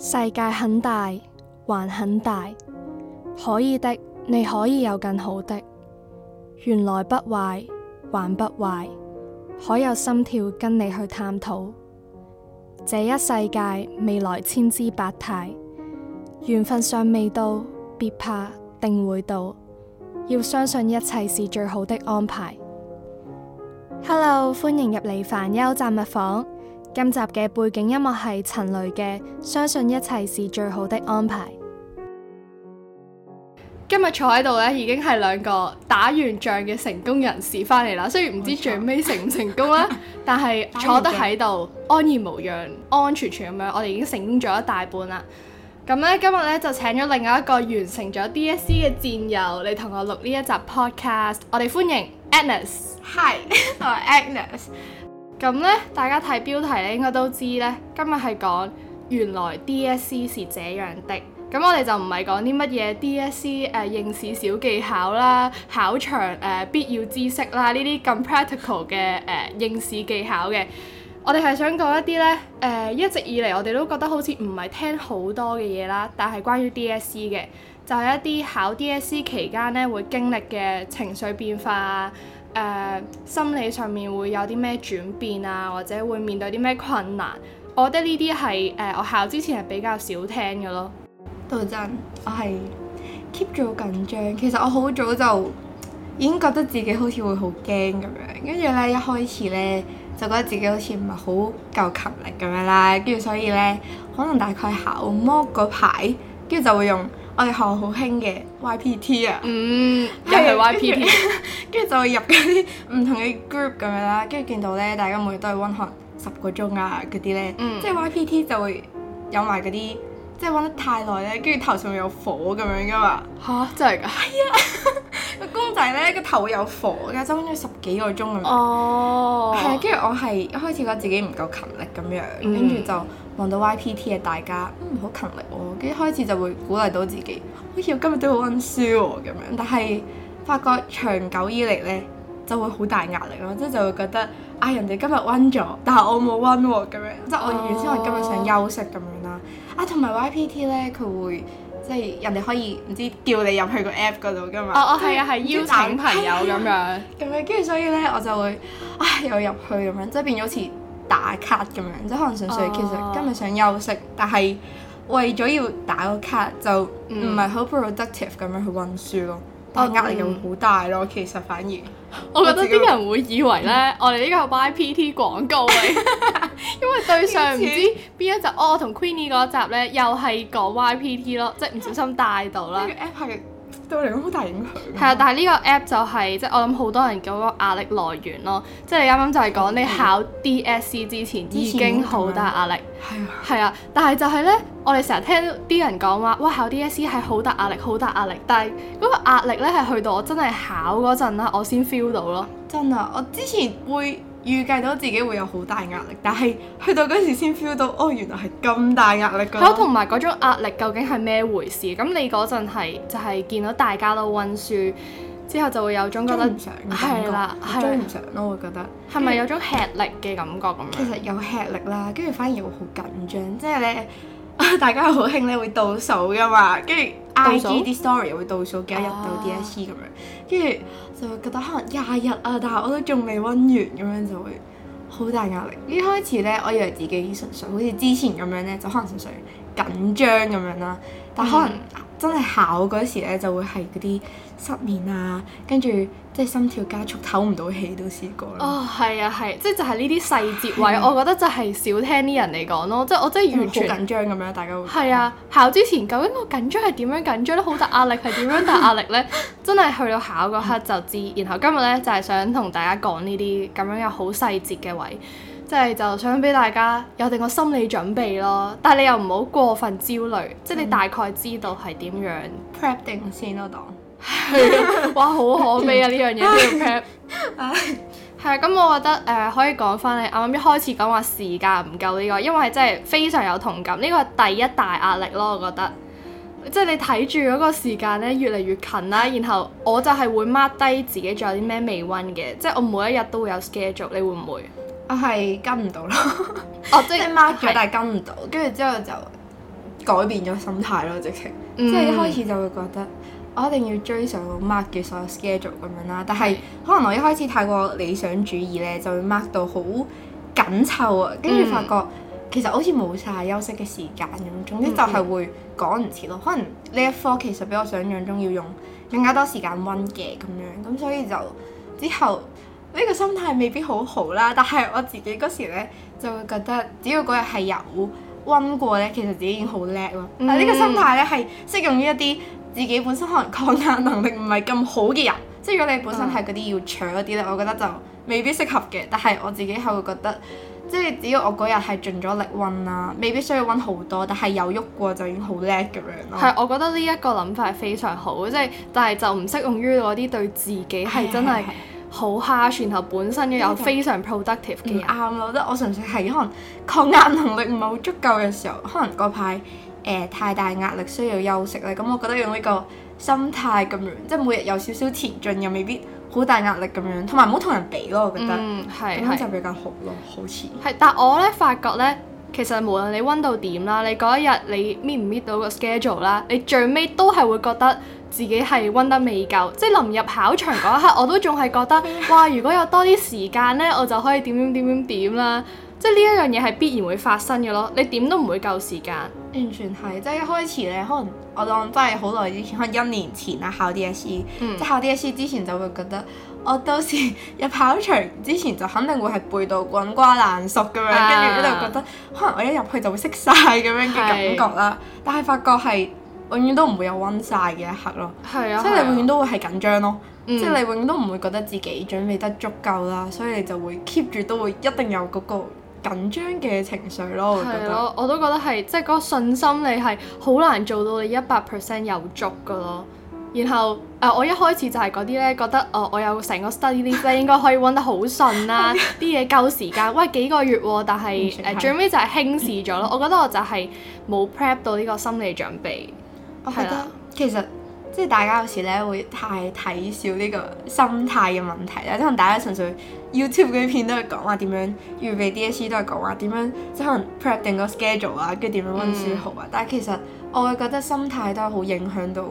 世界很大，還很大，可以的，你可以有更好的。原來不壞，還不壞，可有心跳跟你去探討。這一世界未來千姿百態，緣分尚未到，別怕，定會到。要相信一切是最好的安排。Hello，歡迎入嚟煩憂暫物房。今集嘅背景音樂係陳雷嘅《相信一切是最好的安排》。今日坐喺度咧，已經係兩個打完仗嘅成功人士翻嚟啦。雖然唔知最尾成唔成功啦，但係坐得喺度安然無恙、安安全全咁樣，我哋已經成功咗一大半啦。咁咧，今日咧就請咗另一個完成咗 DSE 嘅戰友嚟同我錄呢一集 podcast。我哋歡迎 Agnes。Hi，我係 Agnes。咁咧，大家睇標題咧應該都知咧，今日係講原來 DSE 是這樣的。咁我哋就唔係講啲乜嘢 DSE 誒應試小技巧啦、考場誒、呃、必要知識啦，呢啲咁 practical 嘅誒應試技巧嘅。我哋係想講一啲咧誒，一直以嚟我哋都覺得好似唔係聽好多嘅嘢啦，但係關於 DSE 嘅，就係、是、一啲考 DSE 期間咧會經歷嘅情緒變化啊。誒、uh, 心理上面會有啲咩轉變啊，或者會面對啲咩困難？我覺得呢啲係誒我考之前係比較少聽嘅咯。到陣，我係 keep 住、so、好緊張。其實我好早就已經覺得自己好似會好驚咁樣，跟住咧一開始咧就覺得自己好似唔係好夠勤力咁樣啦，跟住所以咧可能大概考 mock 嗰排跟住就會用，我哋學校好興嘅 YPT 啊，嗯，又係 YPT，跟住就會入嗰啲唔同嘅 group 咁樣啦，跟住見到咧，大家每日都係溫學十個鐘啊嗰啲咧，嗯、即係 YPT 就會有埋嗰啲，即係溫得太耐咧，跟住頭上面有火咁樣噶嘛，吓，真係㗎，係啊，個公仔咧個頭會有火，而家溫咗十幾個鐘咁樣，哦，係， 跟住我係一開始覺得自己唔夠勤力咁樣，跟住、嗯、就。望到 YPT 嘅大家，嗯，好勤力喎。跟一開始就會鼓勵到自己，好似今日都好温書喎咁樣。但係發覺長久以嚟呢，就會好大壓力咯，即係就是、會覺得啊，哎、人哋今日温咗，但係我冇温喎咁樣。即、就、係、是、我原先我今日想休息咁樣啦。啊，同埋 YPT 呢，佢會即係人哋可以唔知叫你入去個 app 嗰度噶嘛？哦哦，係啊係、啊，邀請朋友咁樣。咁、啊啊、樣跟住所以呢，我就會啊、哎，又入去咁樣，即係變咗好似。打卡咁樣，即係可能純粹其實今日想休息，oh. 但係為咗要打個卡就唔係好 productive 咁樣去温書咯，oh. 但係壓力又會好大咯。其實反而我覺得啲人會以為咧，我哋呢個係 YPT 廣告嚟， 因為對上唔知邊一集， 哦，我同 Queenie 嗰一集咧又係講 YPT 咯，即係唔小心帶到啦。 對我嚟講好大影響啊。係啊，但係呢個 app 就係即係我諗好多人嗰個壓力來源咯。即係你啱啱就係講你考 DSE 之前已經好大壓力。係啊。但係就係呢，我哋成日聽啲人講話，哇，考 DSE 係好大壓力，好大壓力。但係嗰個壓力呢係去到我真係考嗰陣啦，我先 feel 到咯。真啊，我之前會，預計到自己會有好大壓力，但係去到嗰時先 feel 到，哦原來係咁大壓力㗎。嚇，同埋嗰種壓力究竟係咩回事？咁你嗰陣係就係、是、見到大家都温書之後就會有種覺得係啦，係啦，追唔了上咯，了上我覺得係咪有種吃力嘅感覺咁樣？其實有吃力啦，跟住反而會好緊張，即係咧，大家好興咧會倒數㗎嘛，跟住 I G 啲 story 會倒數幾多日到 D S E 咁樣，跟住、啊。就會覺得可能廿日啊，但係我都仲未温完咁樣，就會好大壓力。一開始咧，我以為自己純粹好似之前咁樣咧，就可能純粹緊張咁樣啦，嗯、但可能。嗯真係考嗰時咧，就會係嗰啲失眠啊，跟住即係心跳加速、唞唔到氣都試過。哦，係啊，係，即係就係呢啲細節位，我覺得就係少聽啲人嚟講咯。即係 我真係完全好緊張咁樣，大家會講，係啊，考之前究竟我緊張係點樣緊張咧？好大壓力係點樣大壓力咧？ 真係去到考嗰刻就知。然後今日咧就係、是、想同大家講呢啲咁樣又好細節嘅位。即係就想俾大家有定個心理準備咯，但係你又唔好過分焦慮，嗯、即係你大概知道係點樣。Prep 定先咯，當係咯，哇，好可悲啊！呢樣嘢都要 prep，唉，係 啊、 哎。咁我覺得誒、呃、可以講翻，你啱啱一開始講話時間唔夠呢個，因為真係非常有同感。呢、呢個係第一大壓力咯，我覺得。即係你睇住嗰個時間咧，越嚟越近啦。然後我就係會 mark 低自己仲有啲咩未温嘅，即係我每一日都會有 schedule。你會唔會？我係跟唔到咯、 oh, er, 是，即係 mark 咗，但係跟唔到。跟住之後就改變咗心態咯，直情。即係一開始就會覺得我一定要追上我 mark 嘅所有 schedule 咁樣啦。但係可能我一開始太過理想主義咧，就會 mark 到好緊湊啊。跟住發覺其實好似冇晒休息嘅時間咁。總之就係會趕唔切咯。Mm hmm. 可能呢一科其實比我想象中要用更加多時間温嘅咁樣。咁所以就之後。呢個心態未必好好啦，但係我自己嗰時呢就會覺得，只要嗰日係有温過呢，其實自己已經好叻咯。但係呢個心態呢，係、嗯、適用於一啲自己本身可能抗壓能力唔係咁好嘅人。嗯、即係如果你本身係嗰啲要搶嗰啲呢，我覺得就未必適合嘅。但係我自己係會覺得，即係只要我嗰日係盡咗力温啦，未必需要温好多，但係有喐過就已經好叻咁樣咯。係、嗯，我覺得呢一個諗法係非常好，即係但係就唔適用於嗰啲對自己係真係、哎呀。哎好哈，然後本身咧又非常 productive，幾啱咯。覺得、嗯、我純粹係可能抗壓能力唔係好足夠嘅時候，可能嗰排、呃、太大壓力需要休息咧。咁我覺得用呢個心態咁樣，即係每日有少少前進又未必好大壓力咁樣，同埋唔好同人比咯。我覺得嗯，咁樣就比較好咯，是好似像。係，但係我咧發覺咧。其實無論你温到點啦，你嗰一日你搣唔搣到個 schedule 啦，你最尾都係會覺得自己係温得未夠，即係臨入考場嗰一刻， 我都仲係覺得，哇！如果有多啲時間呢，我就可以點點點點點啦。即係呢一樣嘢係必然會發生嘅咯。你點都唔會夠時間，完全係。即係一開始呢，可能我當真係好耐之前， 可能一年前啦，考 DSE，即係考 DSE 之前就會覺得。我到時入考場之前就肯定會係背到滾瓜爛熟咁樣，跟住咧就覺得可能我一入去就會識晒咁樣嘅感覺啦。是但係發覺係永遠都唔會有温晒嘅一刻咯，即係、啊、你永遠都會係緊張咯，即係、啊啊、你永遠都唔會覺得自己準備得足夠啦，嗯、所以你就會 keep 住都會一定有嗰個緊張嘅情緒咯。我覺得、啊、我都覺得係，即係嗰個信心你係好難做到你一百 percent 有足噶咯。然後誒、呃，我一開始就係嗰啲咧，覺得哦、呃，我有成個 study leave 咧，應該可以温得好順啦、啊，啲嘢夠時間，喂幾個月喎、啊，但係誒最尾就係輕視咗咯。嗯、我覺得我就係冇 prep 到呢個心理準備。我係啦，其實即係大家有時咧會太睇小呢個心態嘅問題啦，即可能大家純粹 YouTube 嗰啲片都係講話點樣預備 DSE，都係講話點樣，即可能 prep 定個 schedule 啊，跟住點樣温書好啊。Mm. 但係其實我會覺得心態都係好影響到。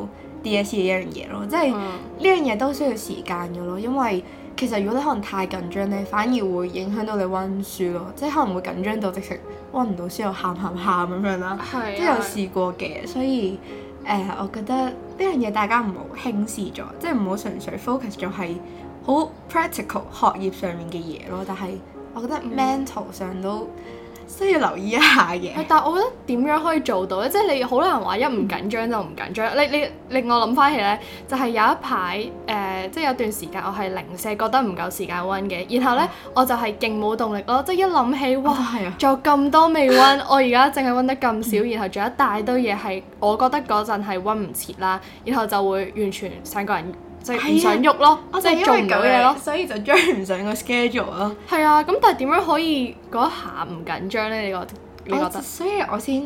D.S. 呢樣嘢咯，即係呢樣嘢都需要時間噶咯，因為其實如果你可能太緊張咧，反而會影響到你温書咯，即係可能會緊張到直食，温唔到書又喊喊喊咁樣啦，啊、都有試過嘅，所以誒、呃，我覺得呢樣嘢大家唔好輕視咗，即係唔好純粹 focus 咗係好 practical 學業上面嘅嘢咯，但係我覺得 mental 上都，嗯需要留意一下嘅，但係我覺得點樣可以做到咧？即係你好難話一唔緊張就唔緊張。嗯、你你令我諗翻起咧，就係、是、有一排誒，即、呃、係、就是、有段時間我係零舍覺得唔夠時間温嘅，然後咧、嗯、我就係勁冇動力咯。即係一諗起哇，仲、哦啊、有咁多未温，我而家淨係温得咁少，嗯、然後仲有一大堆嘢係我覺得嗰陣係温唔切啦，然後就會完全成個人。唔想喐咯，即係做唔到嘢咯，所以就追唔上個 schedule 咯。係啊，咁、啊、但係點樣可以嗰一下唔緊張咧？你覺你覺得？所以我先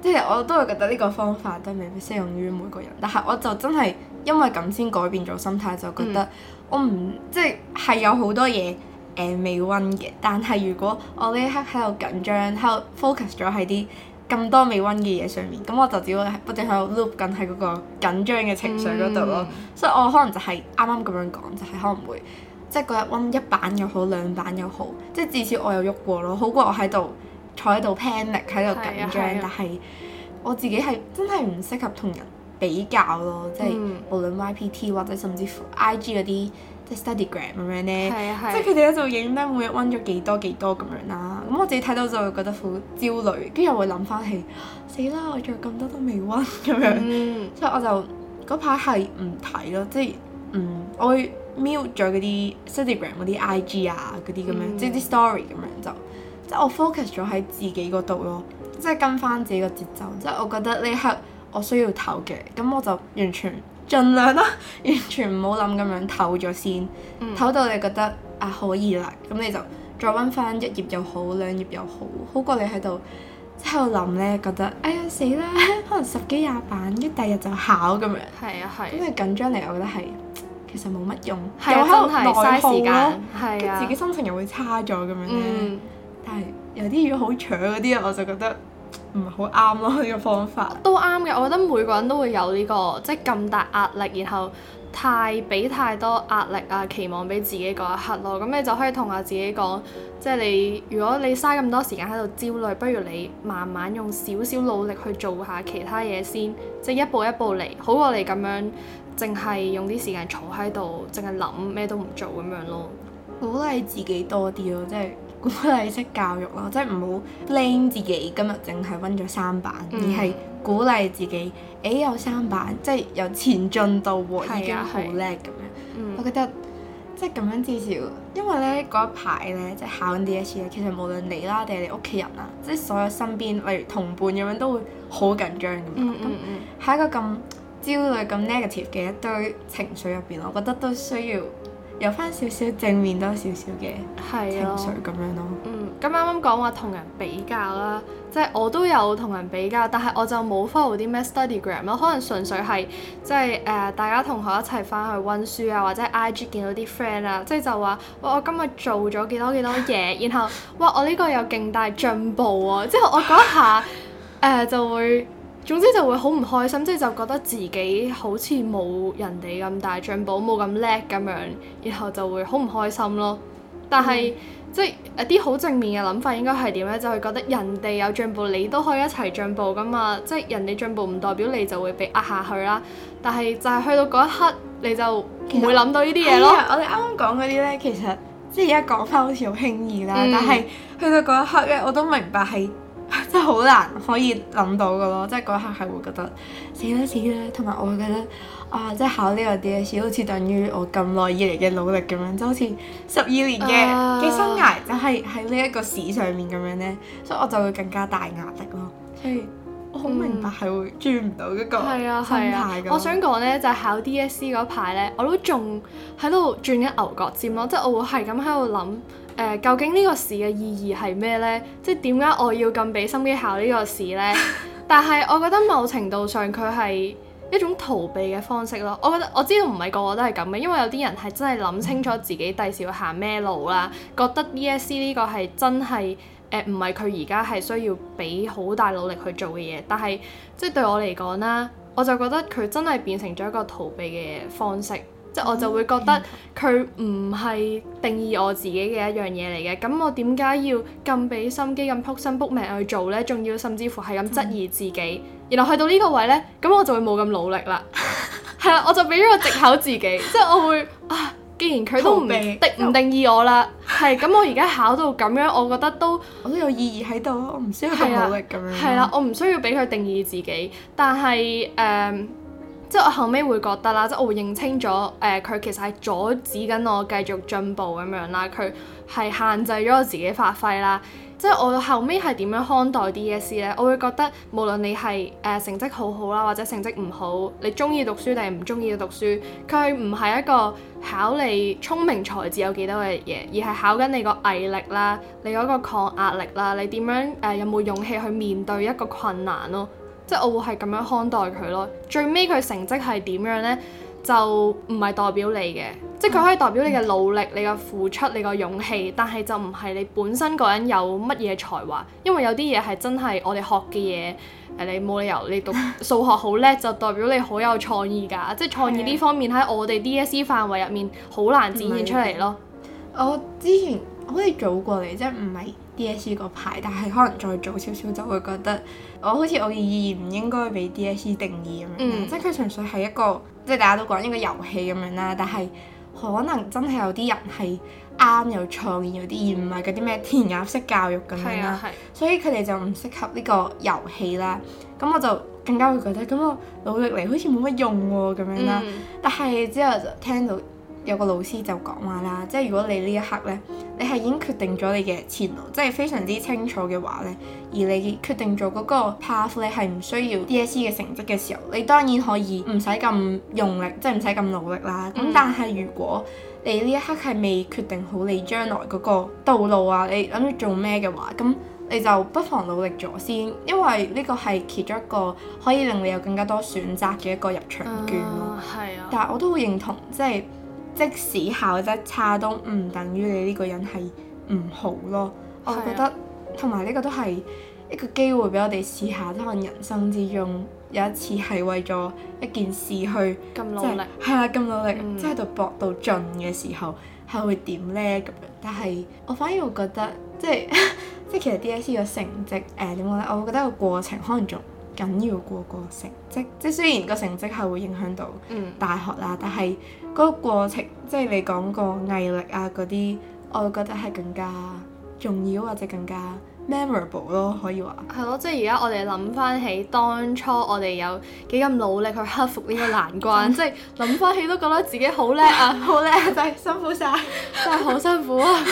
即係、就是、我都會覺得呢個方法都未必適用於每個人，但係我就真係因為咁先改變咗心態，就覺得我唔即係係有好多嘢誒、呃、未温嘅，但係如果我呢刻喺度緊張，喺度 focus 咗喺啲。咁多未溫嘅嘢上面，咁我就只會不斷喺度 loop 緊喺嗰個緊張嘅情緒嗰度咯，嗯、所以我可能就係啱啱咁樣講，就係、是、可能會即係嗰日溫一版又好，兩版又好，即係至少我有喐過咯，好過我喺度坐喺度 panic 喺度緊張，啊啊、但係我自己係真係唔適合同人比較咯，即係無論 YPT 或者甚至乎 IG 嗰啲。啲 studygram 咁樣咧、啊，即係佢哋喺度影咧，每日温咗幾多幾多咁樣啦。咁我自己睇到就會覺得好焦慮，跟住又會諗翻起死啦、啊！我仲有咁多都未温咁樣，即係、嗯、我就嗰排係唔睇咯，即係嗯，我會 mute 咗嗰啲 studygram 嗰啲 IG 啊嗰啲咁樣，嗯、即係啲 story 咁樣就，即係我 focus 咗喺自己嗰度咯，即係跟翻自己個節奏。即係我覺得呢刻我需要唞嘅，咁我就完全。盡量啦、啊，完全唔好諗咁樣，唞咗先，唞、嗯、到你覺得啊可以啦，咁你就再溫翻一頁又好，兩頁又好，好過你喺度即喺度諗呢，覺得哎呀死啦，可能十幾廿版，一第二日就考咁樣，係啊係。因為、啊、緊張嚟，我覺得係其實冇乜用，啊、又喺度嘥時間，啊、自己心情又會差咗咁樣，但係有啲如果好蠢嗰啲啊，我就覺得。唔係好啱咯呢個方法，都啱嘅。我覺得每個人都會有呢個，即係咁大壓力，然後太俾太多壓力啊，期望俾自己嗰一刻咯。咁你就可以同下自己講，即係你如果你嘥咁多時間喺度焦慮，不如你慢慢用少少努力去做下其他嘢先，即係一步一步嚟，好過你咁樣淨係用啲時間坐喺度，淨係諗咩都唔做咁樣咯。鼓勵自己多啲咯，即係。鼓勵式教育咯，即係唔好 blame 自己今日淨係溫咗三版，嗯、而係鼓勵自己，哎、欸、有三版，嗯、即係有前進到喎，已經好叻咁樣。嗯、我覺得即係咁樣至少，因為咧嗰一排咧即係考 DSE 咧，其實無論你啦，定係你屋企人啊，即係所有身邊例如同伴咁樣都會好緊張咁。喺、嗯嗯嗯、一個咁焦慮、咁 negative 嘅一堆情緒入邊，我覺得都需要。有翻少少正面多少少嘅情緒咁樣咯。嗯，咁啱啱講話同人比較啦，即係我都有同人比較，但係我就冇 follow 啲咩 study gram 咯。可能純粹係即係誒，大家同學一齊翻去温書啊，或者 IG 見到啲 friend 啊，即係就話哇，我今日做咗幾多幾多嘢， 然後哇，我呢個有勁大進步啊！之後我嗰下誒就會。總之就會好唔開心，即係就覺得自己好似冇人哋咁大進步，冇咁叻咁樣，然後就會好唔開心咯。但係、嗯、即係一啲好正面嘅諗法應該係點咧？就係、是、覺得人哋有進步，你都可以一齊進步噶嘛。即係人哋進步唔代表你就會被壓下去啦。但係就係去到嗰一刻，你就唔會諗到呢啲嘢咯。我哋啱啱講嗰啲咧，其實即係而家講翻好似好輕易啦，嗯、但係去到嗰一刻咧，我都明白係。真係好難可以諗到嘅咯，即係嗰一刻係會覺得死啦死啦，同埋我會覺得啊，即係考呢個 DSE 好似等於我咁耐以嚟嘅努力咁樣，就好似十二年嘅嘅生涯就係喺呢一個試上面咁樣呢，uh、所以我就會更加大壓力咯。係是，我好明白係會轉唔到嗰個心態、嗯、啊，啊啊我想講呢，就係、是、考 DSE 嗰排呢，我都仲喺度轉緊牛角尖咯，即、就、係、是、我會係咁喺度諗。誒、呃，究竟呢個試嘅意義係咩呢？即係點解我要咁俾心機考呢個試呢？ 但係我覺得某程度上佢係一種逃避嘅方式咯。我覺得我知道唔係個個都係咁嘅，因為有啲人係真係諗清楚自己第時要行咩路啦，覺得 DSE 呢個係真係誒唔係佢而家係需要俾好大努力去做嘅嘢。但係即係對我嚟講啦，我就覺得佢真係變成咗一個逃避嘅方式。即我就會覺得佢唔係定義我自己嘅一樣嘢嚟嘅，咁我點解要咁俾心機、咁撲身撲命去做呢？仲要甚至乎係咁質疑自己，然後去到呢個位呢，咁我就會冇咁努力啦。係啦、 啊，我就俾咗個藉口自己， 即係我會啊，既然佢都唔定唔定義我啦，係咁又我而家考到咁樣，我覺得都我都有意義喺度，我唔需要咁努力咁樣。係啦、啊啊，我唔需要俾佢定義自己，但係誒。Um, 即係我後尾會覺得啦，即係我會認清咗，誒、呃、佢其實係阻止緊我繼續進步咁樣啦，佢係限制咗我自己發揮啦。即係我後尾係點樣看待 DSE 咧？我會覺得無論你係誒、呃、成績好好啦，或者成績唔好，你中意讀書定唔中意讀書，佢唔係一個考你聰明才智有幾多嘅嘢，而係考緊你個毅力啦，你嗰個抗壓力啦，你點樣誒、呃、有冇勇氣去面對一個困難咯？即我會係咁樣看待佢咯。最尾佢成績係點樣呢？就唔係代表你嘅，即佢可以代表你嘅努力、你嘅付出、你嘅勇氣，但係就唔係你本身個人有乜嘢才華。因為有啲嘢係真係我哋學嘅嘢，誒、你冇理由你讀數學好叻就代表你好有創意㗎。即係創意呢方面喺我哋 DSE 範圍入面好難展現出嚟咯。我之前我好似早過嚟，即唔係。DSE 嗰排，但係可能再早少少就會覺得我好似我嘅意義唔應該俾 DSE 定義咁樣，嗯、即係佢純粹係一個，即係大家都講一個遊戲咁樣啦。但係可能真係有啲人係啱有創意嗰啲，而唔係啲咩填鴨式教育咁、啊、樣啦。啊、所以佢哋就唔適合呢個遊戲啦。咁我就更加會覺得，咁我努力嚟好似冇乜用喎、啊、咁樣啦。嗯、但係之後就聽到。有個老師就講話啦，即係如果你呢一刻呢，你係已經決定咗你嘅前路，即係非常之清楚嘅話呢。而你決定做嗰個 path 你係唔需要 DSE 嘅成績嘅時候，你當然可以唔使咁用力，即係唔使咁努力啦。咁但係如果你呢一刻係未決定好你將來嗰個道路啊，你諗住做咩嘅話，咁你就不妨努力咗先，因為呢個係其中一個可以令你有更加多選擇嘅一個入場券。係、uh, yeah. 但係我都好認同，即係。即使考得差都唔等於你呢個人係唔好咯。我覺得同埋呢個都係一個機會俾我哋試下，即能人生之中有一次係為咗一件事去咁努力，係啊，咁努力，即係度搏到盡嘅時候係會點呢咁樣？但係我反而會覺得即係即係其實 DSE 個成績誒點講咧？我會覺得個過程可能仲緊要過個成績，即係雖然個成績係會影響到大學啦，嗯、但係。嗰個過程，即係你講個毅力啊嗰啲，我覺得係更加重要或者更加 memorable 咯，可以話。係咯，即係而家我哋諗翻起當初我哋有幾咁努力去克服呢個難關， 即係諗翻起都覺得自己好叻啊，好叻 啊，真係 辛苦晒， 真係好辛苦啊。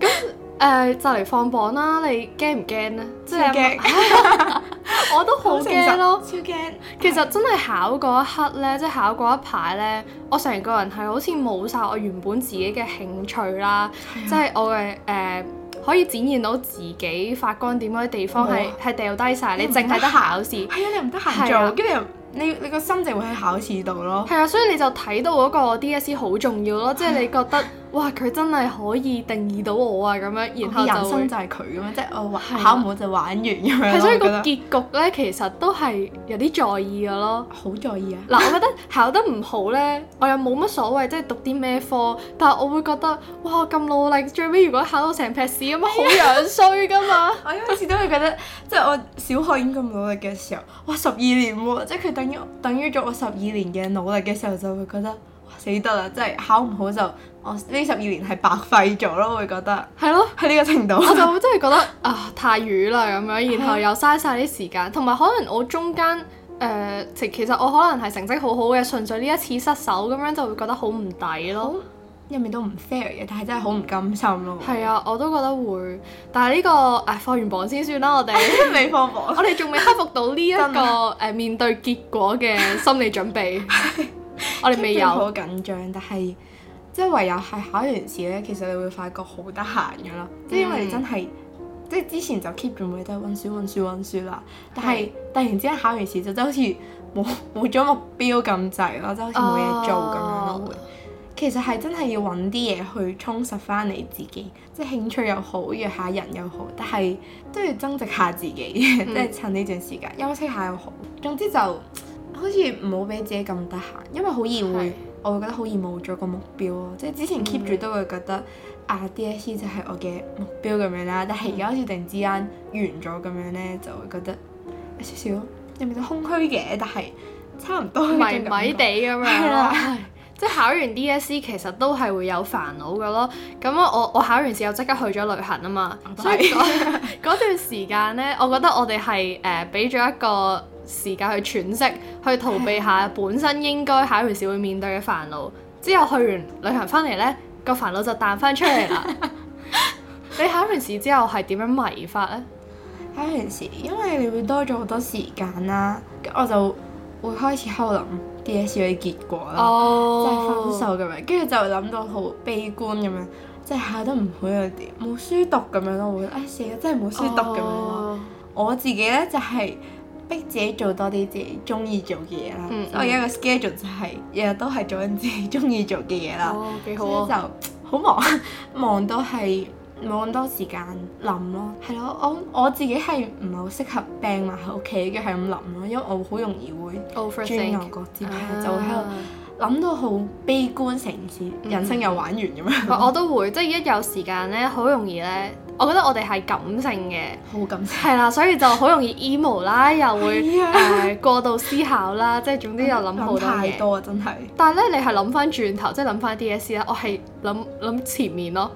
誒就嚟放榜啦！你驚唔驚咧？超驚怕！ 我都好驚咯，超驚怕！其實真係考嗰一刻呢，即係 考嗰一排呢，我成個人係好似冇晒我原本自己嘅興趣啦，即係、啊、我嘅誒、uh，可以展現到自己發光點嗰啲地方係係掉低晒，你淨係得考試。係 啊，你唔得閒做，跟住、啊、你你個心淨係喺考試度咯。係啊，所以你就睇到嗰個 DSE 好重要咯，即係 你覺得。哇！佢真係可以定義到我啊，咁樣，然後人生就係佢咁樣，即係我、哦、考唔好就玩完咁樣。係，所以個結局咧，其實都係有啲在意嘅咯。好在意啊！嗱，我覺得考得唔好咧，我又冇乜所謂，即係讀啲咩科。但係我會覺得，哇！咁努力，最尾如果考到成撇屎咁樣，好樣衰噶嘛！我有時都會覺得，即係我小學已經咁努力嘅時候，哇！十二年喎、哦，即係佢等於等於咗我十二年嘅努力嘅時候，就會覺得哇，死得啦！即係考唔好就。我呢十二年係白費咗咯，我會覺得係咯，喺呢個程度，我就會真係覺得啊、 呃、太瘀啦咁樣，然後又嘥晒啲時間，同埋可能我中間誒、呃、其實我可能係成績好好嘅，純粹呢一次失手咁樣就會覺得好唔抵咯，入、哦、面都唔 fair 嘅，但係真係好唔甘心咯。係啊， 我都覺得會，但係呢、呢個誒、哎、放完榜先算啦，我哋未 放榜，我哋仲未克服到呢、呢、一個誒 的面對結果嘅心理準備， 我哋未有好緊張， 但係是。 但即係唯有係考完試咧，其實你會發覺好得閒㗎喇，即係因為你真係，嗯、即係之前就 keep 住每日都溫書溫書溫書啦。但係、嗯、突然之間考完試就真係好似冇冇咗目標咁滯咯，真係好似冇嘢做咁樣咯。會、嗯、其實係真係要揾啲嘢去充實返你自己，即係興趣又好，約下人又好，但係都要增值下自己，即係、嗯、 趁呢段時間休息下又好。總之就好似唔好俾自己咁得閒，因為好易會。我會覺得好易冇咗個目標咯，即係之前 keep 住都會覺得的啊 DSE 就係我嘅目標咁樣啦，但係而家好似突然之間完咗咁樣呢，就會覺得少少、啊、有冇啲空虛嘅，但係差唔多迷迷地咁樣，係啦，即係 考完 DSE 其實都係會有煩惱嘅咯。咁我我考完試又即刻去咗旅行啊嘛，Bye. 所以嗰、那個、 段時間呢，我覺得我哋係誒俾咗一個時間去喘息，去逃避下的本身應該考完試會面對嘅煩惱，之後去完旅行翻嚟呢個煩惱就彈翻出嚟啦。 你考完試之後係點樣迷法呢？考完試，因為你會多咗好多時間啦，我就會開始喺度諗 DSE 嘅結果啦，即係、oh. 分手咁樣，跟住就諗到好悲觀咁樣，即係考得唔好又冇書讀咁樣咯，會唉死啊，真係冇書讀咁樣。我、哎樣 oh. 我自己呢，就係、是。逼自己做多啲自己中意做嘅嘢啦，我而家個 schedule 就係日日都係做緊自己中意做嘅嘢啦，所以、哦、幾好哦、就好忙，忙到係冇咁多時間諗咯。係咯，我我自己係唔係好適合病埋喺屋企嘅係咁諗咯，因為我好容易會 overthink，就喺度諗到好悲觀，成件事人生又玩完咁、嗯、樣我。我都會， 即係一有時間咧，好容易咧。我覺得我哋係感性嘅，好感性，係啦，所以就好容易 emo 啦，又會誒、 呃、過度思考啦，即係總之又諗好多嘢。太多真係！但係咧，你係諗翻轉頭，即係諗翻啲嘢先啦。我係諗諗前面咯，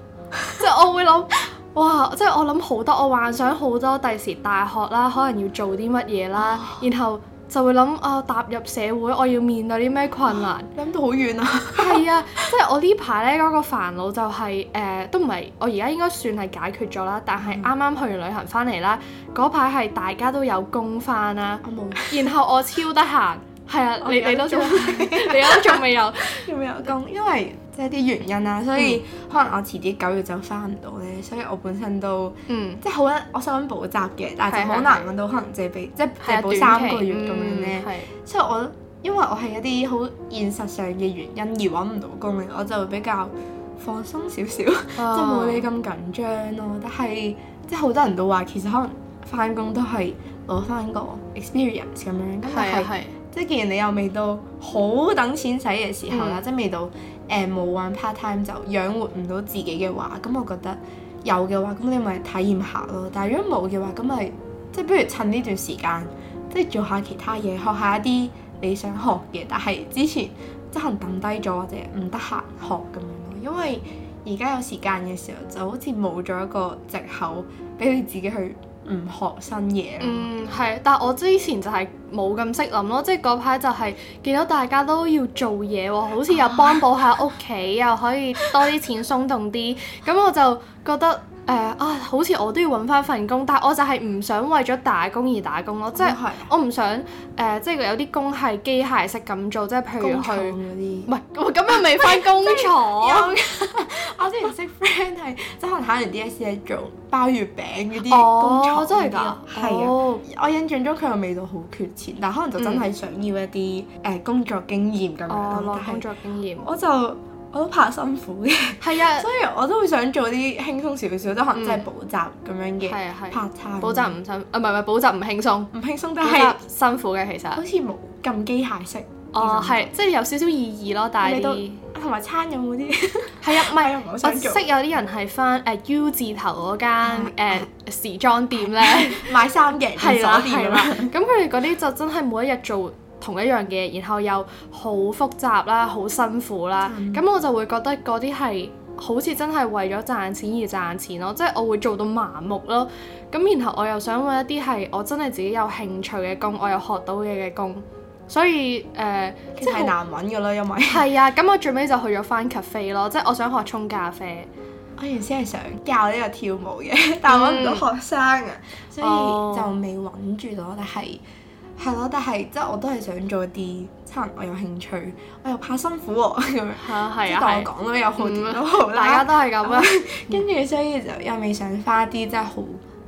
即係 我會諗，哇！即係我諗好多，我幻想好多，第時大學啦，可能要做啲乜嘢啦，哇然後。就會諗啊、哦，踏入社會我要面對啲咩困難？諗、啊、到好遠啊！係 啊，即、就、係、是、我呢排咧嗰個煩惱就係、是、誒、呃，都唔係我而家應該算係解決咗啦。但係啱啱去完旅行翻嚟啦，嗰排係大家都有工翻啦，啊、我冇、然後我超得閒。 係啊，你你都仲你都仲未有仲未有工，因為即係啲原因啊，所以可能我遲啲九月就翻唔到咧，所以我本身都、嗯、即係好我想揾補習嘅，但係好難揾到，可能借俾即係補三個月咁樣咧。嗯、所以我因為我係一啲好現實上嘅原因而揾唔到工嘅，我就比較放鬆少少、哦， 即係冇你咁緊張咯。但係即係好多人都話其實可能翻工都係攞翻個 experience 咁樣的，咁但係。的即係既然你又未到好等錢使嘅時候啦，嗯、即係未到誒冇玩 part time 就養活唔到自己嘅話，咁我覺得有嘅話，咁你咪體驗下咯。但係如果冇嘅話，咁咪即係不如趁呢段時間，即係做下其他嘢，學下一啲你想學嘅，但係之前即係等低咗或者唔得閒學咁樣咯。因為而家有時間嘅時候，就好似冇咗一個藉口俾你自己去。唔學新嘢。嗯，係，但我之前就係冇咁識諗咯，即嗰排就係見到大家都要做嘢喎，好似又幫補下屋企， 又可以多啲錢鬆動啲，咁我就覺得。誒啊！Uh, 好似我都要揾翻份工，但係我就係唔想為咗打工而打工咯、嗯即係嗯嗯，即係我唔想誒，即係有啲工係機械式咁做，即係譬如去嗰啲，唔係咁又未翻工廠。我之前識 friend 係即可能考完 DSE 做包月餅嗰啲工廠，哦、我真係㗎，係、哦、啊！我印象中佢又未到好缺錢，但係可能就真係想要一啲誒工作經驗咁樣咯，嗯、工作經驗我就。我都怕辛苦嘅，係啊，所以我都會想做啲輕鬆少少，都可能真係補習咁樣嘅，係啊，拍餐補習唔辛啊，唔係唔係補習唔輕鬆，唔輕鬆都係辛苦嘅其實，好似冇咁機械式哦，係即係有少少意義咯，但係你都同埋餐飲嗰啲係啊，唔係我識有啲人係翻誒 U 字頭嗰間誒時裝店咧買衫嘅，係啦係啦，咁佢哋嗰啲就真係每一日做。同一樣嘅，然後又好複雜啦，好辛苦啦，咁、嗯、我就會覺得嗰啲係好似真係為咗賺錢而賺錢咯，即係我會做到麻木咯。咁然後我又想揾一啲係我真係自己有興趣嘅工，我又學到嘢嘅工，所以誒，真、呃、係難揾噶咯，因為係因為 啊。咁我最尾就去咗翻 cafe 咯，即係我想學沖咖啡。我原先係想教呢個跳舞嘅， 但揾唔到學生啊，嗯嗯、所以就未揾住到，但係。係咯，但係即係我都係想做啲可能我有興趣，我又怕辛苦喎、啊、咁樣。嚇啊，即係同我講、啊啊、都又好啲咯、嗯。大家都係咁啊。跟住、 嗯、所以就又未想翻啲即係好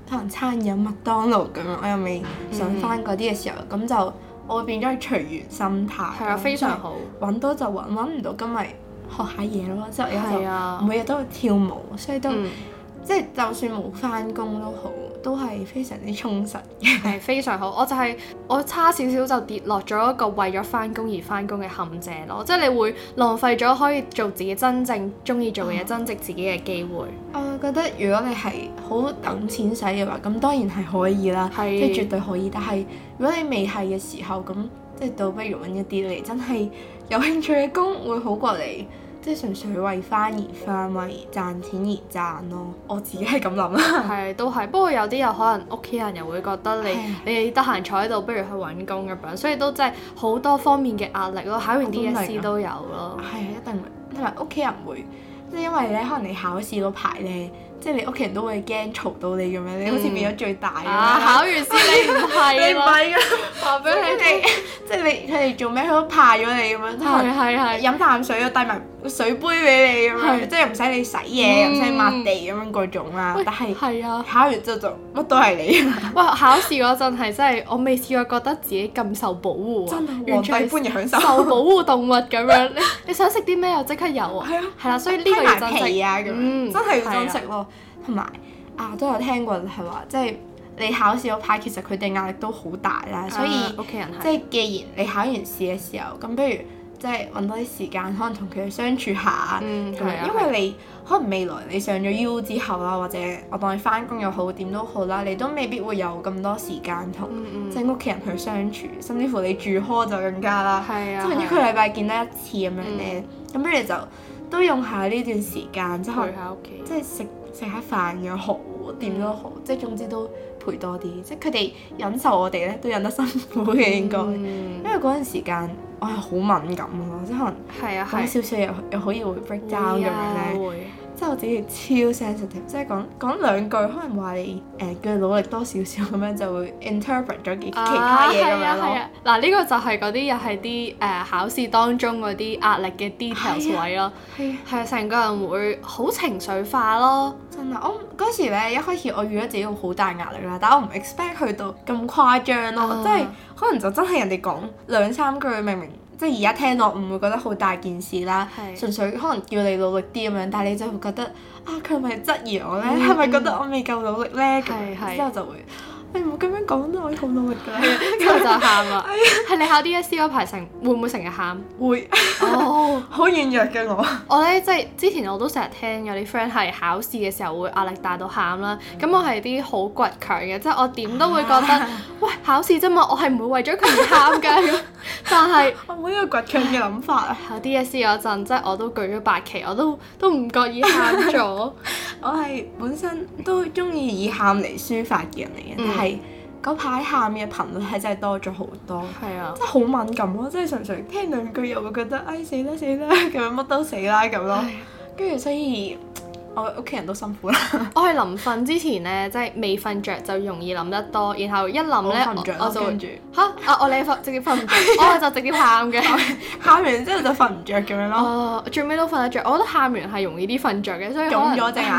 可能餐飲麥當勞咁樣，我又未想翻嗰啲嘅時候，咁、嗯、就我變咗係隨緣心態。係、嗯、啊，非常好。揾到就揾，揾唔到咁咪學下嘢咯。即係又係就每日都會跳舞，所以都、嗯。嗯。即係就，就算冇翻工都好，都係非常之充實嘅， 係非常好。我就係、是、我差少少就跌落咗一個為咗翻工而翻工嘅陷阱咯。即係你會浪費咗可以做自己真正中意做嘅嘢、增值自己嘅機會。 我覺得如果你係好等錢使嘅話，咁當然係可以啦，即係是絕對可以。但係如果你未係嘅時候，咁即係倒不如揾一啲嚟真係有興趣嘅工會好過你。即係純粹為翻而翻，為賺錢而賺咯。我自己係咁諗啊。係，都係。不過有啲人可能屋企人又會覺得你，你得閒坐喺度，不如去揾工咁樣。所以都真係好多方面嘅壓力咯。考完啲 s e 都有咯。係啊，一定同埋屋企人會，即係因為咧，可能你考試嗰排咧，即係你屋企人都會驚嘈到你咁樣。你好似變咗最大啊！考完先，你唔你唔咪話俾佢哋，即係你佢哋做咩？佢都排咗你咁樣。係係係。飲啖水，帶埋水杯俾你咁樣，即係唔使你洗嘢，唔使抹地咁樣嗰種啦。但係考完之後，就乜都係你。哇！考試嗰陣係真係，我未試過覺得自己咁受保護啊！皇帝般嘅享受，受保護動物咁樣。你想食啲咩又即刻有啊？係啊，係啦，所以呢個期啊咁，真係要珍惜咯。同埋啊，都有聽過係話，即係你考試嗰排，其實佢哋壓力都好大啦。所以，即係既然你考完試嘅時候，咁不如。即係揾多啲時間，可能同佢哋相處下咁樣，因為你可能未來你上咗 U 之後啦，或者我當你翻工又好，點都好啦，你都未必會有咁多時間同即係屋企人去相處，甚至乎你住 hall 就更加啦，係啊，可能一個禮拜見得一次咁樣咧，咁跟住就都用下呢段時間，即係去下屋企，即係食食下飯又好，點都好，即係總之都。陪多啲，即係佢哋忍受我哋咧，都忍得辛苦嘅應該。嗯、因為嗰陣時間我係好敏感咯、啊，即係、啊、可能啊，好少少又又可以會 break down 咁、啊、樣咧。會、會即係我自己超 sensitive，即係講講兩句，可能話你誒、呃、叫你努力多少少咁樣就會 interpret 咗幾、啊、其他嘢咁樣咯。嗱呢、啊啊啊啊這個就係嗰啲又係啲誒考試當中嗰啲壓力嘅 details 位咯，係啊成、啊、個人會好情緒化咯。真係我嗰時咧一開始我預咗自己好大壓力啦，但係我唔 expect 去到咁誇張咯，即係、啊、可能就真係人哋講兩三句明明，明。即係而家聽落唔會覺得好大件事啦，是純粹可能叫你努力啲咁樣，但係你就會覺得啊，佢係咪質疑我咧？係咪、嗯、覺得我未夠努力咧？咁之後就會。你唔好咁樣講耐好耐㗎，跟住就喊啦。係你考 DSE 嗰排成會唔會成日喊？會。哦，好軟弱嘅我。我呢即係之前我都成日聽有啲 friend 係考試嘅時候會壓力大到喊啦。咁我係啲好倔強嘅，即係我點都會覺得，喂，考試啫嘛，我係唔會為咗佢而喊㗎。但係我冇呢個倔強嘅諗法啊。考 DSE 嗰陣即係我都舉咗白旗，我都都唔覺意喊咗。我係本身都中意以喊嚟抒發嘅人嚟嘅，嗯、但係嗰排喊嘅頻率係真係多咗好多，係啊，啊，真係好敏感咯，即係純粹聽兩句又會覺得唉、哎、死啦死啦，咁樣乜都死啦咁咯，跟住所以。我屋企人都辛苦啦。我係臨瞓之前咧，即係未瞓着就容易諗得多，然後一諗咧，我就住。嚇 啊，啊！我你瞓直接瞓唔着，我就直接喊嘅，喊完之後就瞓唔着咁樣咯。Uh, 最尾都瞓得着，我覺得喊完係容易啲瞓着嘅，所以。腫咗隻眼。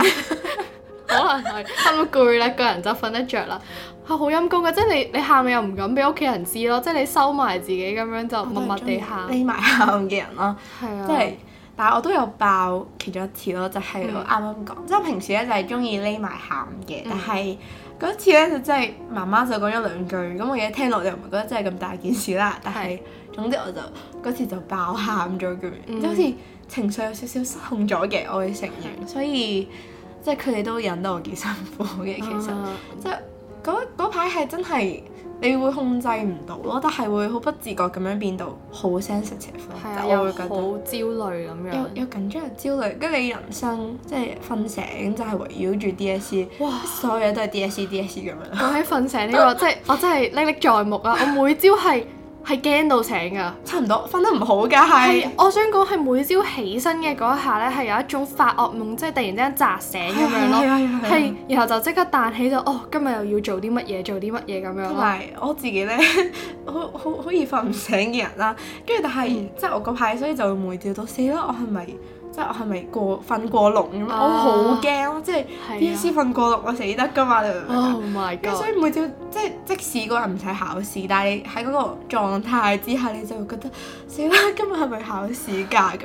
可能係，係咪攰啦？個人就瞓得着啦。係、 啊、好陰功嘅，即係你你喊又唔敢俾屋企人知咯，即係你收埋自己咁樣就默默地喊，匿埋喊嘅人咯。係啊。 即係。但係我都有爆其中一次咯，就係、是、我啱啱講，嗯、即係平時咧就係中意匿埋喊嘅，嗯、但係嗰次咧就真、是、係媽媽就講咗兩句，咁我嘅聽落又唔覺得真係咁大件事啦。嗯、但係總之我就嗰次就爆喊咗句，嗯、即好似情緒有少少失控咗嘅，我可以承認。嗯、所以即係佢哋都忍得我幾辛苦嘅，其實即係嗰排係真係。你會控制唔到咯，但係會好不自覺咁樣變到好 Sensitive，係啊，我會覺得好焦慮咁樣，又緊張又焦慮，跟住你人生即係瞓醒就係、是、圍繞住 DSE, DSE 哇！所有嘢都係 DSE, DSE, DSE DSE 咁樣。講起瞓醒呢、個， 即係我真係歷歷在目啊！我每朝係。 係驚到醒噶，差唔多瞓得唔好㗎，係。我想講係每朝起身嘅嗰一下呢，係有一種發惡夢，即、就、係、係、突然之間扎醒咁樣咯。係、啊啊啊啊，然後就即刻彈起就哦，今日又要做啲乜嘢，做啲乜嘢咁樣。同埋我自己呢，好好好易瞓唔醒嘅人啦。跟住 但係、嗯、即係我嗰排，所以就每朝到死囉。我係咪？即係我係咪過瞓過龍咁啊？我好驚咯，即係邊次瞓過龍我死得噶嘛！Oh my god！所以每朝即係即使個人唔使考試，但係喺嗰個狀態之下，你就會覺得，死啦，今日係咪考試㗎？咁樣， 跟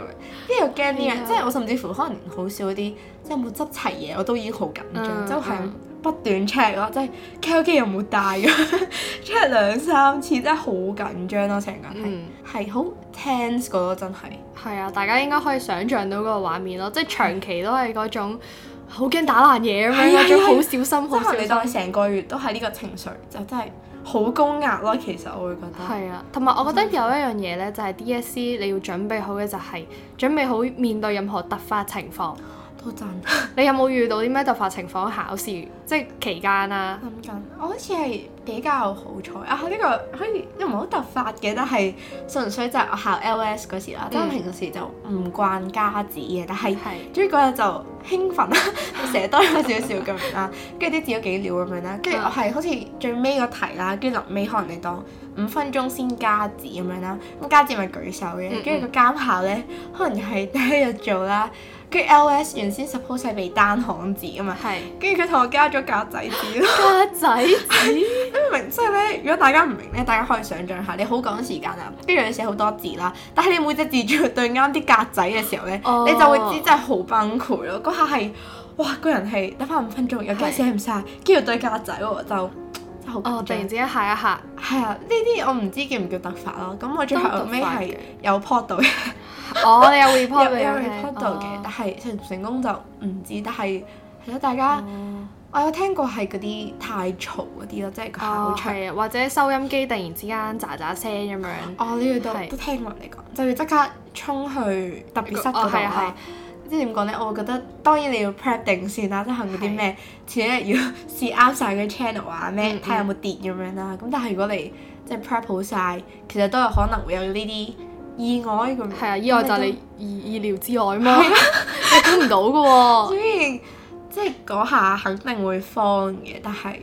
住又驚啲嘢，即係我甚至乎可能好少啲，即係冇執齊嘢，我都已經好緊張，嗯、就係、是。嗯不斷 check 咯，即係 calculator 又冇帶咯，check 兩三次，真係好緊張咯，成個係係好 tense 個咯，真係。係啊，大家應該可以想像到個畫面咯，即係長期都係嗰種好驚打爛嘢咁樣，嗰、嗯啊、種好小心好小心，成、啊啊啊、個月都係呢個情緒，就真係好高壓咯。其實我會覺得係啊，同埋我覺得有一樣嘢咧，就係、是、DSE 你要準備好嘅就係、是、準備好面對任何突發情況。好震！ 你有冇遇到啲咩突發情況，考試即係、就是、期間啊，諗緊，我好似係比較好彩啊！呢、這個可以又唔係好突發嘅，都係純粹就係考 LS 嗰時啦。即我、嗯、平時就唔慣加紙嘅，但係中意嗰日就興奮啦，成日是 多咗少少咁樣啦。跟住啲字都幾料咁樣啦。跟住 我係好似最尾個題啦，跟住臨尾可能你當五分鐘先加紙咁樣啦。咁加紙咪舉手嘅，跟住個監考咧可能係第一日做啦。佢 LS 原先 suppose 係未單行字啊嘛，跟住佢同我加咗格仔字咯。格仔字，唔 明即係咧，如果大家唔明，因為大家可以想象下，你好趕時間啊，呢樣寫好多字啦，但係你每隻字仲要對啱啲格仔嘅時候咧，哦、你就會知真係好崩潰咯。嗰下係，哇，個人係等翻五分鐘，又驚寫唔晒，跟住是對格仔喎，就好。哦，哦突然之間下一下。係啊，呢啲我唔知叫唔叫突發咯。咁我最後尾係有 pod 到嘅。 我哋有 report 俾有 report 到嘅，但係成唔成功就唔知。但係係咯，大家我有聽過係嗰啲太嘈嗰啲咯，即係佢好吵，或者收音機突然之間喳喳聲咁樣。哦，呢個都都聽過你講，就要即刻衝去特別室嗰度。哦，係係。即係點講咧？我覺得當然你要 prep 定先啦，即係行嗰啲咩前一日要試啱晒嗰啲 channel 啊，咩睇下有冇電咁樣啦。咁但係如果你即係 prep 好晒，其實都有可能會有呢啲。意外咁，係啊！意外就係你意意料之外嘛，啊、你估唔到噶喎、啊。所以即係嗰下肯定會慌嘅，但係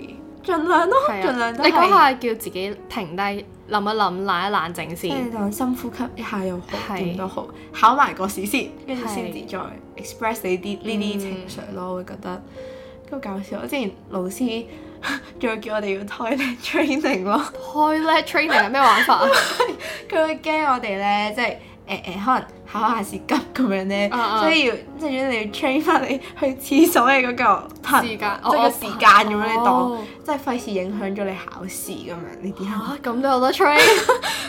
盡量咯，盡量都可、啊、下叫自己停低，諗一諗，冷一冷靜先，深、啊、呼吸一下又好，點、啊、都好，考埋個試先，跟住先至再 express 呢啲呢啲、嗯、情緒咯。我會覺得都搞笑。我之前老師、嗯。仲要叫我哋要 toilet training 咯？toilet training 係咩玩法啊？佢 會驚我哋咧，即係誒誒，可能考下試急咁樣咧，uh, uh. 所以要，即、就、係、是、要你 train 翻你去廁所嘅嗰個，間個時間，oh, 即係時間咁樣你當，即係費事影響咗你考試咁樣呢啲。嚇咁都好多 train，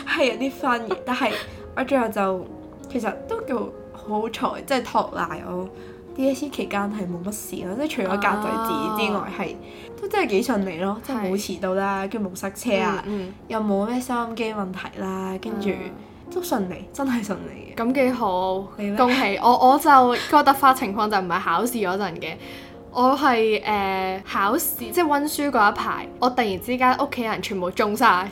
係 有啲分嘅。但係我最後就其實都叫好彩、就是，即係託賴我 DSE 期間係冇乜事咯，即係除咗格仔紙之外係。Oh. 都真係幾順利咯，即係冇遲到啦，跟住冇塞車啊，嗯嗯、又冇咩收音機問題啦，跟住、嗯、都順利，真係順利。咁嘅、嗯、幾好，呢恭喜我。我就個突發情況就唔係考試嗰陣嘅，我係誒、呃、考試 即係溫書嗰一排，我突然之間屋企人全部中晒。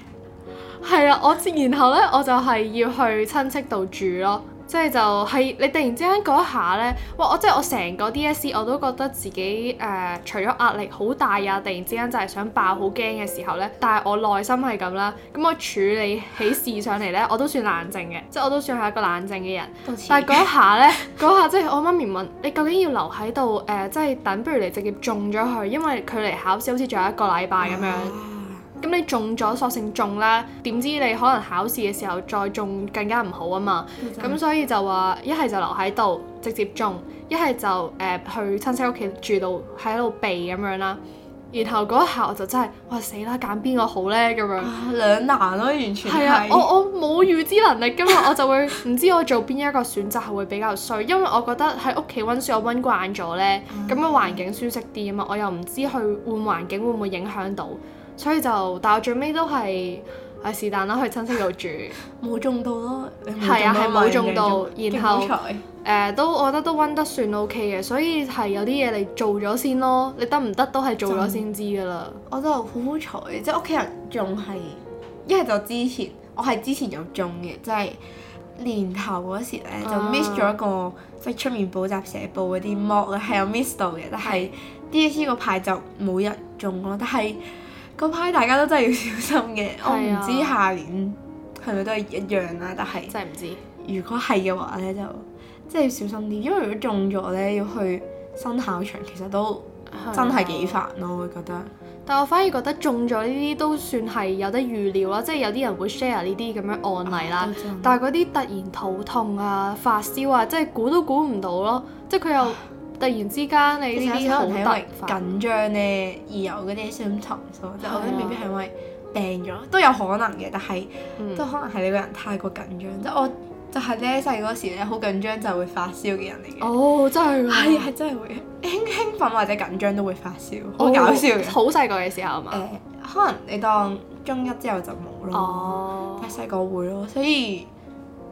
係啊，我然後呢，我就係要去親戚度住咯。即係就係、是、你突然之間嗰一下呢？哇！我即係我成個 DSE 我都覺得自己誒、呃，除咗壓力好大呀，突然之間就係想爆好驚嘅時候呢。但係我內心係咁啦，咁我處理起事上嚟呢，我都算冷靜嘅，即係我都算係一個冷靜嘅人。次但係嗰一下呢，嗰 下即係我媽咪問你究竟要留喺度誒，即係等，不如你直接中咗佢，因為距離考試好似仲有一個禮拜咁樣。啊。咁你中咗索性中啦，點知你可能考試嘅時候再中更加唔好啊嘛，咁所以就話一係就留喺度直接中，一係就誒、呃、去親戚屋企住到喺度避咁樣啦。然後嗰一下我就真係哇死啦，揀邊個好呢？」咁樣、啊？兩難咯，完全係啊！我我冇預知能力噶嘛， 我就會唔知我做邊一個選擇係會比較衰，因為我覺得喺屋企溫書我溫慣咗呢。咁嘅、嗯、環境舒適啲啊嘛，我又唔知去換環境會唔會影響到。所以就，但係我最尾都係係是但啦，去親戚度住。冇中到咯，係啊，係冇中到。啊、中到然後誒有、呃，都我覺得都温得算 O K 嘅，所以係有啲嘢你做咗先咯，你得唔得都係做咗先知噶啦。我都好好彩，即係屋企人仲係一係就之前，我係之前有中嘅，即、就、係、是、年頭嗰時咧就 miss 咗一個，啊、即係出面補習社報嗰啲 mock 咧係有 miss 到嘅，但係 DSE 個牌就冇人中咯，但係。嗰排大家都真係要小心嘅，的我唔知下年係咪都係一樣啦，但係真係唔知。如果係嘅話呢，就真係要小心啲，因為如果中咗呢，要去新考場，其實都真係幾煩咯，的我會覺得。但我反而覺得中咗呢啲都算係有得預料啦，即係有啲人會 share 呢啲咁樣案例啦。嗯、但係嗰啲突然肚痛啊、發燒啊，即係估都估唔到咯，即係佢又。突然之間，你啲可能係因為緊張咧、嗯、而有嗰啲 sym、嗯、ptoms。就我覺得未必係因為病咗，都有可能嘅，但係、嗯、都可能係你個人太過緊張。即係我，就係咧細個時咧好緊張就會發燒嘅人嚟嘅。哦，真係係係真係會興興奮或者緊張都會發燒，好搞笑。好細個嘅時候嘛、呃。可能你當中一之後就冇咯。哦，但細個會咯，所以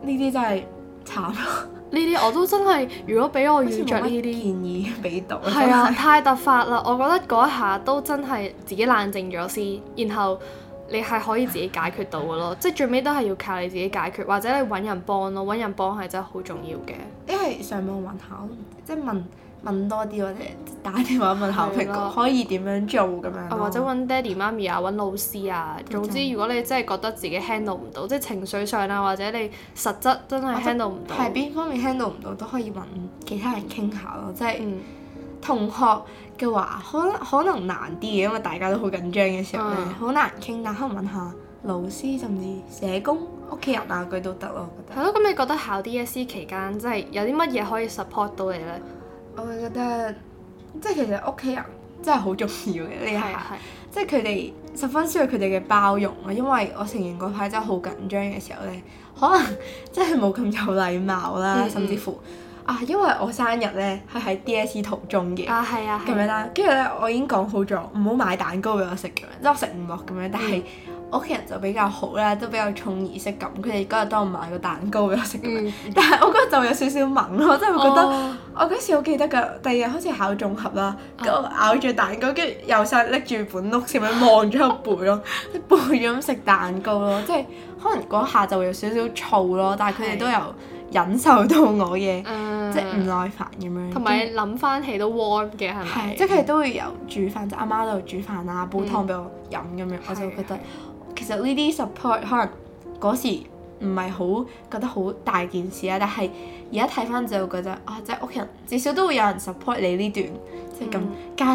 呢啲真係慘咯。 呢啲我都真係，如果俾我遇着，呢啲建議俾到，係 啊，太突發啦！我覺得嗰一下都真係自己冷靜咗先，然後你係可以自己解決到嘅咯，即係 最尾都係要靠你自己解決，或者你揾人幫咯，揾人幫係真係好重要嘅。你係上網揾下，即係問。多我問多啲或者打電話問下校服局，可以點樣做咁樣、啊？或者揾爹哋媽咪啊，揾老師啊，總之如果你真係覺得自己 handle 唔到，即係情緒上啊，或者你實質真係 handle 唔到，係邊方面 handle 唔到都可以問其他人傾下咯，即、就、係、是嗯、同學嘅話，可可能難啲嘅，因為大家都好緊張嘅時候好、嗯、難傾。但可能揾下老師甚至社工、屋企人啊，佢都得咯。我覺得係咯，咁、okay, 嗯、你覺得考 DSE 期間即係、就是、有啲乜嘢可以 support 到你呢？我會覺得，即係其實屋企人真係好重要嘅呢一下，是是即係佢哋十分需要佢哋嘅包容咯。因為我承認嗰排真係好緊張嘅時候咧，可能真係冇咁有禮貌啦，嗯、甚至乎啊，因為我生日咧，佢喺 DSE 途中嘅，啊，啊，咁樣啦，跟住咧我已經講好咗唔好買蛋糕俾我食咁樣，即係我食唔落咁樣，但係，屋企人就比較好啦，都比較重儀式感。佢哋嗰日當我買個蛋糕俾我食，但係我嗰日就有少少猛咯，即係我覺得我嗰時好記得㗎。第二日開始考綜合啦，咁咬住蛋糕，跟住又晒拎住本屋，o t 望咗個背咯，背咁食蛋糕咯，即係可能嗰下就會有少少燥咯。但係佢哋都有忍受到我嘅，即係唔耐煩咁樣。同埋諗翻起都 warm 嘅係咪，即係佢哋都會有煮飯，就阿媽喺度煮飯啊，煲湯俾我飲咁樣，我就覺得。其實呢啲 support 可能嗰時唔係好覺得好大件事啊，但係而家睇翻就會覺得啊，即係屋企人至少都會有人 support 你呢段即係咁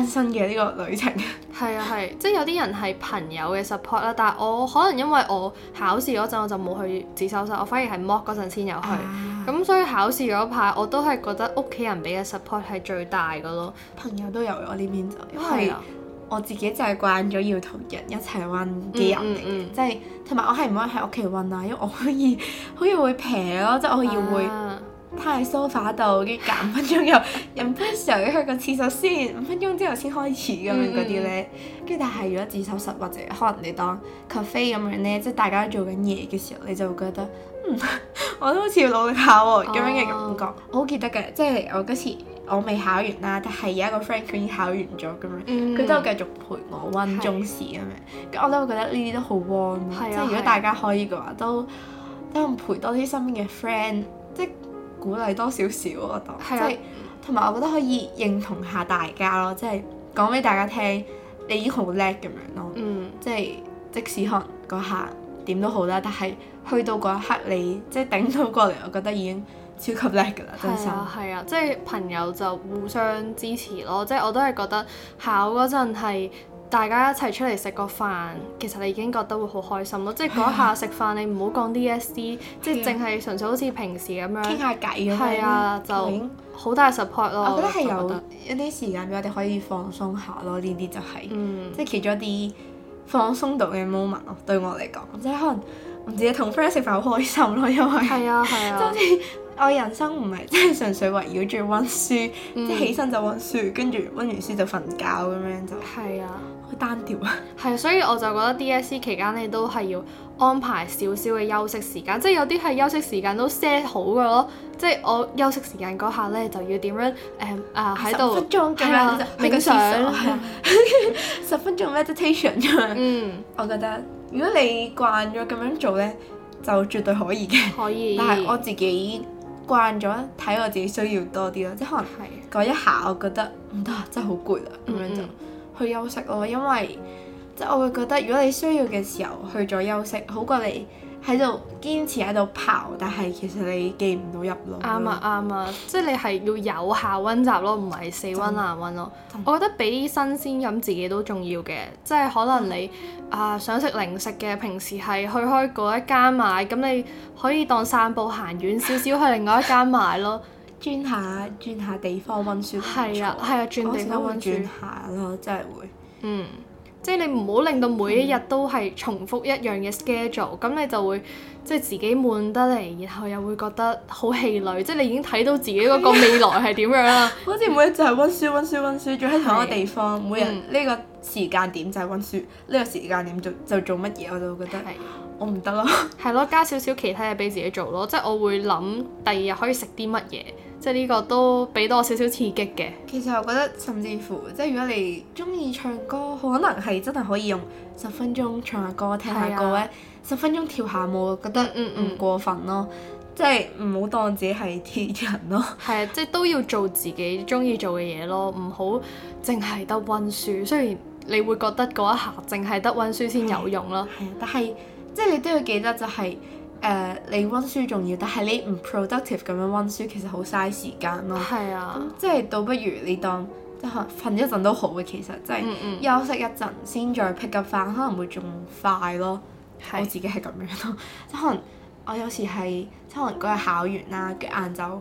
艱辛嘅呢個旅程。係、嗯、 啊係，即係有啲人係朋友嘅 support 啦，但係我可能因為我考試嗰陣我就冇去自修室，我反而係 mock 嗰陣先有去，咁、啊、所以考試嗰排我都係覺得屋企人俾嘅 support 係最大嘅咯，朋友都有我呢邊就因、是我自己就係慣咗要同人一齊温啲人嚟嘅，即係同埋我係唔可以喺屋企温啊，因為我可以，好易會平咯，即係、啊、我要會攤喺 sofa 度，跟住隔五分鐘又飲水，入班時候去個廁所先，五分鐘之後先開始咁樣嗰啲咧。跟住、嗯、但係如果自修室或者可能你當 cafe 咁樣咧，即、就、係、是、大家做緊嘢嘅時候，你就會覺得，嗯，我都好似要努力下咁樣嘅感覺，哦、我好記得嘅，即、就、係、是、我嗰次。我未考完啦，但係有一個 friend 佢已經考完咗咁樣，佢、嗯、都繼續陪我温是中試咁樣，咁對我都會覺得呢啲都好 warm，、啊、即係如果大家可以嘅話，都都陪多啲身邊嘅 friend，、嗯、即鼓勵多少少我覺得，即係同埋我覺得可以認同下大家咯，即係講俾大家聽，你已經好叻咁樣咯，即係即使可能嗰下點都好啦，但係去到嗰一刻你即係頂到過嚟，我覺得已經。超級叻㗎啦！開心啊，係啊，即係朋友就互相支持咯。即係我都係覺得考嗰陣係大家一齊出嚟食個飯，其實你已經覺得會好開心咯。即係嗰下食飯，你唔好講 D S E，即係淨係純粹好似平時咁樣傾下偈係啊，就好大 support 咯。我覺得係有一啲時間俾我哋可以放鬆下咯，呢啲就係，即係其中一啲放鬆到嘅 moment 咯。對我嚟講，即係可能唔知同 friend 食飯好開心咯，因為係啊，係啊。我人生唔係即係純粹圍繞住溫書，即起身就溫書，跟住溫完書就瞓覺咁樣，就係啊，好單調啊。係，所以我就覺得 DSE 期間你都係要安排少少嘅休息時間，即係有啲係休息時間都 set 好嘅咯。即係我休息時間嗰下咧，就要點樣誒啊喺度十分鐘咁樣就冥想，十分鐘 meditation 咁樣。嗯，我覺得如果你慣咗咁樣做咧，就絕對可以嘅。可以。但係我自己。慣咗，睇我自己需要多啲咯，即係可能嗰一下我覺得，唔得，真係好攰啦，嗯嗯、咁樣就去休息咯。因為即係我會覺得，如果你需要嘅時候去咗休息，好過你。喺度堅持喺度跑，但係其實你記唔到入腦。啱啊啱啊，啊啊 即係你係要有效温習咯，唔係死温難温咯。我覺得比新鮮感自己都重要嘅，即係可能你、嗯、啊想食零食嘅，平時係去開嗰一間買，咁你可以當散步行遠少少去另外一間買咯，轉 下轉下地方温書。係啊係啊，轉、啊、地方温書。轉下，下咯，真係會。嗯。即係你唔好令到每一日都係重複一樣嘅 schedule，咁、嗯、你就會即係自己悶得嚟，然後又會覺得好氣餒。即係你已經睇到自己嗰個未來係點樣啦， 好似每日就係温書温書温書，仲喺同一個地方，每日呢個時間點就係温書，呢、呢個時間點就就做乜嘢我就會覺得，的我唔得咯。係 咯，加少少其他嘢俾自己做咯，即係我會諗第二日可以食啲乜嘢。即係呢個都俾多少少刺激嘅。其實我覺得甚至乎，即係如果你中意唱歌，可能係真係可以用十分鐘唱下歌、聽下歌咧，十是的 分鐘跳下舞，覺得唔過分咯。即係唔好當自己係鐵人咯。係啊，即係都要做自己中意做嘅嘢咯，唔好淨係得温書。雖然你會覺得嗰一下淨係得温書先有用咯，係啊，但係即係你都要記得就係。誒，uh, 你温書重要，但係你唔 productive 咁樣温書，其實好嘥時間咯。係啊，即係倒不如你當即係可能瞓一陣都好嘅，其實即係、嗯嗯、休息一陣先再 pick up 翻，可能會仲快咯。是我自己係咁樣咯， 即可能我有時係即可能嗰日考完啦，晏晝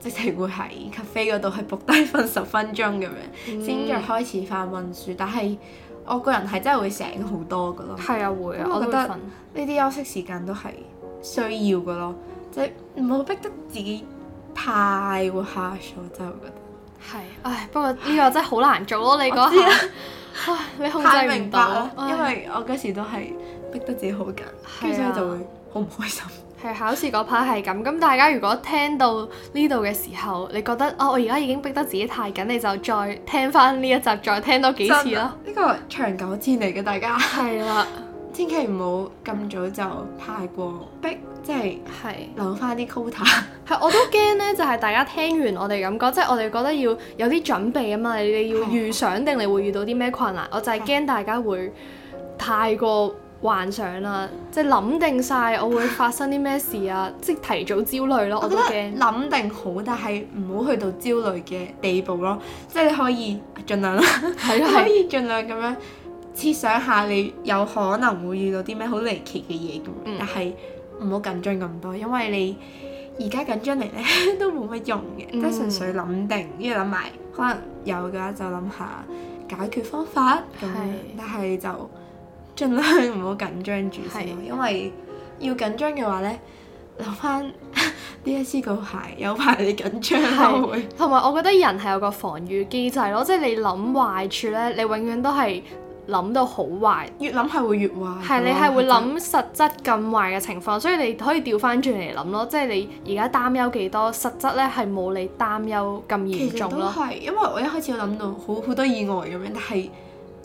即係會喺 cafe 嗰度去 book 低瞓十分鐘咁樣，先、嗯、再開始翻温書。但係我個人係真係會醒好多噶咯。係啊，會啊，我覺得呢啲休息時間都係。需要嘅咯，即係唔好逼得自己太 hard 咗。真係覺得係，唉，不過呢個真係好難做咯，唉你講，唉，你控制唔到，明白唉因為我嗰時都係逼得自己好緊，啊、所以就會好唔開心。係考試嗰 part 係咁，咁大家如果聽到呢度嘅時候，你覺得哦，我而家已經逼得自己太緊，你就再聽翻呢一集，再聽多幾次啦。呢、呢個長久戰嚟嘅，大家係啦。千祈唔好咁早就太過逼，即係留翻啲 quota。係，我都驚呢，就係大家聽完我哋咁講，即係 我哋覺得要有啲準備啊嘛，你哋要預想定你會遇到啲咩困難？哦、我就係驚大家會太過幻想啦，即係諗定晒我會發生啲咩事啊， 即係提早焦慮咯，我都驚。諗定好，但係唔好去到焦慮嘅地步咯，即你可以盡量啦， 係咯，可以盡量咁樣。的 設想下你有可能會遇到啲咩好離奇嘅嘢咁，但係唔好緊張咁多，因為你而家緊張嚟咧都冇乜用嘅，都純粹諗定，跟住諗埋可能有嘅話就諗下解決方法咁，但係就盡量唔好緊張住先，因為要緊張嘅話咧，諗翻 D S E 個牌有排你緊張咯會。同埋我覺得人係有個防禦機制咯，即係你諗壞處咧，你永遠都係。諗到好壞，越諗係會越壞。係你係會諗實質咁壞嘅情況，嗯、所以你可以調翻轉嚟諗咯，即係你而家擔憂幾多，實質咧係冇你擔憂咁嚴重咯。其實都係，因為我一開始會諗到好好多意外咁樣，但係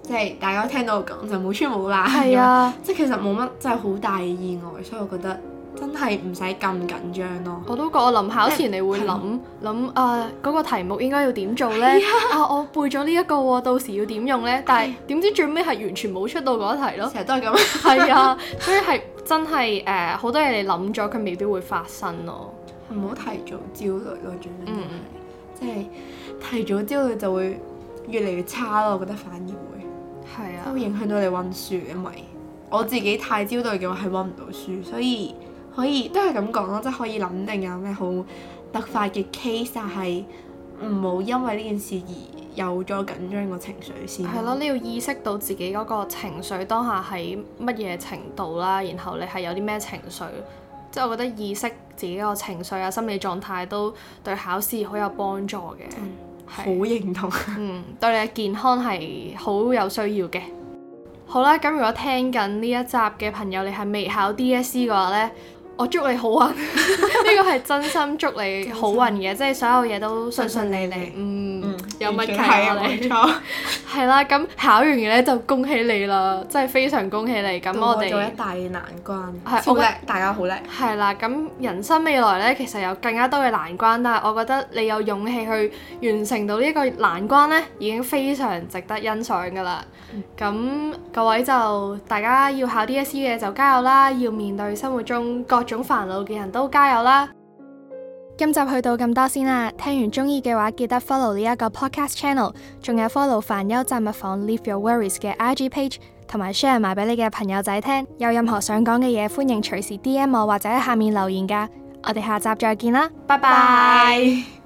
即係大家聽到我講就冇穿冇爛，係啊，即係其實冇乜真係好大嘅意外，所以我覺得。真係唔使咁緊張咯！我都覺我臨考前你會諗諗誒嗰個題目應該要點做呢？啊！我背咗呢一個，到時要點用呢？但係點知最尾係完全冇出到嗰題咯！成日都係咁樣，係啊！所以係真係誒好多嘢你諗咗，佢未必會發生咯。係唔好提早焦慮咯，最緊要即係提早焦慮就會越嚟越差咯。我覺得反而會係啊，都影響到你溫書，因為我自己太焦慮嘅話係溫唔到書，所以。可以都係咁講咯，即係可以諗定有咩好突發嘅 case，但係唔好因為呢件事而有咗緊張個情緒先。係咯，你要意識到自己嗰個情緒當下係乜嘢程度啦，然後你係有啲咩情緒，即係我覺得意識自己個情緒啊、心理狀態都對考試好有幫助嘅。好認同。是形嗯，對你嘅健康係好有需要嘅。 好啦，咁如果聽緊呢一集嘅朋友，你係未考 DSE 嘅話呢。我祝你好運，呢個係真心祝你好運嘅，其實即係所有嘢都順順利利。利利。嗯。有默契啊，你冇錯， 係啦。咁考完嘅咧就恭喜你啦，真係非常恭喜你。咁我哋做一大嘅難關，是級好叻，大家好叻。係啦，咁人生未來咧其實有更加多嘅難關，但我覺得你有勇氣去完成到呢個難關咧，已經非常值得欣賞㗎啦。咁、嗯、各位就大家要考 DSE 嘅就加油啦，要面對生活中各種煩惱嘅人都加油啦。今集去到咁多先啦，聽完中意嘅話記得 follow 呢一個 podcast channel，仲有 follow 煩憂雜物房 Leave Your Worries 嘅 IG page，同埋 share 埋俾你嘅朋友仔聽。有任何想講嘅嘢，歡迎隨時 DM 我或者喺下面留言噶。我哋下集再見啦，拜拜。